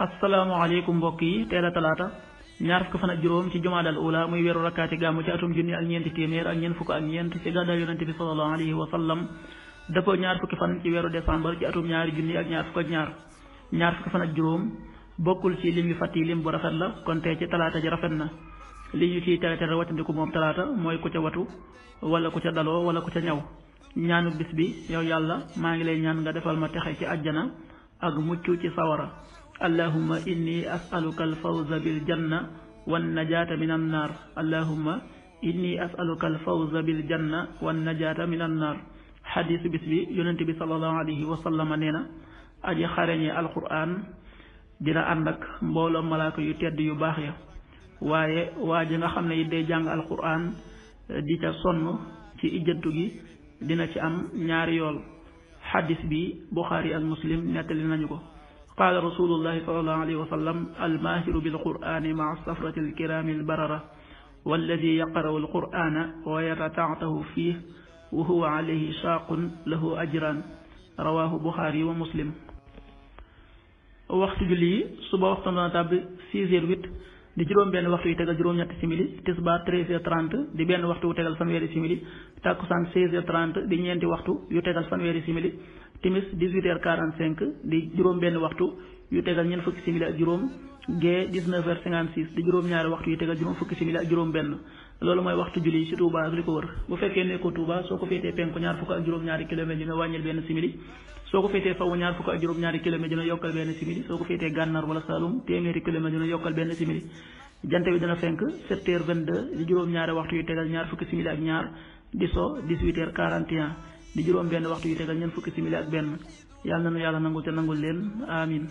asalaamaaleykum mbokk yi teel a talaata ñaar fukk fan juróom ci jumaadal ula muy weeru rakkaati gàmmu ci atum junni ak ñeenti téeméer ak ñeent fukk ak ñeent ci gàddaay yonente bi sallallahu alayhi wa fukki fan ci weeru décembre ci atum ñaari junni ak ñaar fukk ñaar ñaar fukki ak juróom bokkul ci lim yu fàtt lim bu rafet la kon tey ci talaata ji rafet na li ñu ciy tere tere wattandiku moom talaata mooy ku ca watu wala ku ca daloo wala ku ca ñaw ñaanu bis bi yow yàlla maa ngi lay ñaan nga defal ma texe ci àjjana ak mucc ci sawara allahuma inni asaluka alfawza biljanna wannajaata min annaar allahuma inni asaluka alfawza biljanna wannajaata min annaar xadis bis bi yonent bi salallahu alayhi wa sallama nee na aji xarañee alquran dina ànd ak mbooloo malaaka yu tedd yu baax ya waaye waa ji nga xam ne it day jàng alquran eh, di ca sonn ci ijjantu gi dina ci am ñaari yool xadis bi buxaari ak nettali nañu ko qaala rasulullahi sallallahu alayhi wa sallam almaahiru bilqur'ani maa safrati alkiraami albarara walladi yaqra'u alqur'ana wa yatata'tahu fiihi wa huwa alayhi shaaqun lahu ajraan rawaahu buxaari wa muslim waxtu julli suba waxtu na tàbbi six heures huit di juróom benn waxtu yu tegal juróom-ñetti simili tisbaar treize heures trente di benn waxtu wu tegal fanweeri simili takkusaan seize heures trente di ñeenti waxtu yu tegal fanweeri simili timis 18h45 di juróom benn waxtu yu tegal ñeent fukki simili ak juróom gee 19 h di juróom ñaari waxtu yu tegal juróom fukki simili ak juróom benn loolu mooy waxtu julli ci Touba ak li ko wër bu fekkee nekkoo Touba soo ko ñaar fukk ak juróom-ñaari kilomètres dina wàññil benn simili ñaar fukk ak juróom-ñaari kilomètres dina yokkal benn simili soo ko féetee gànnaar wala Saloum téeméeri kilomètres dina yokkal ñaari waxtu yu tegal ñaar fukki simili ak ñaar di so 18h41 di juróom benn waxtu yu tegal ñeent fukki simili benn yàlla na nu yàlla nangu te nangul leen amin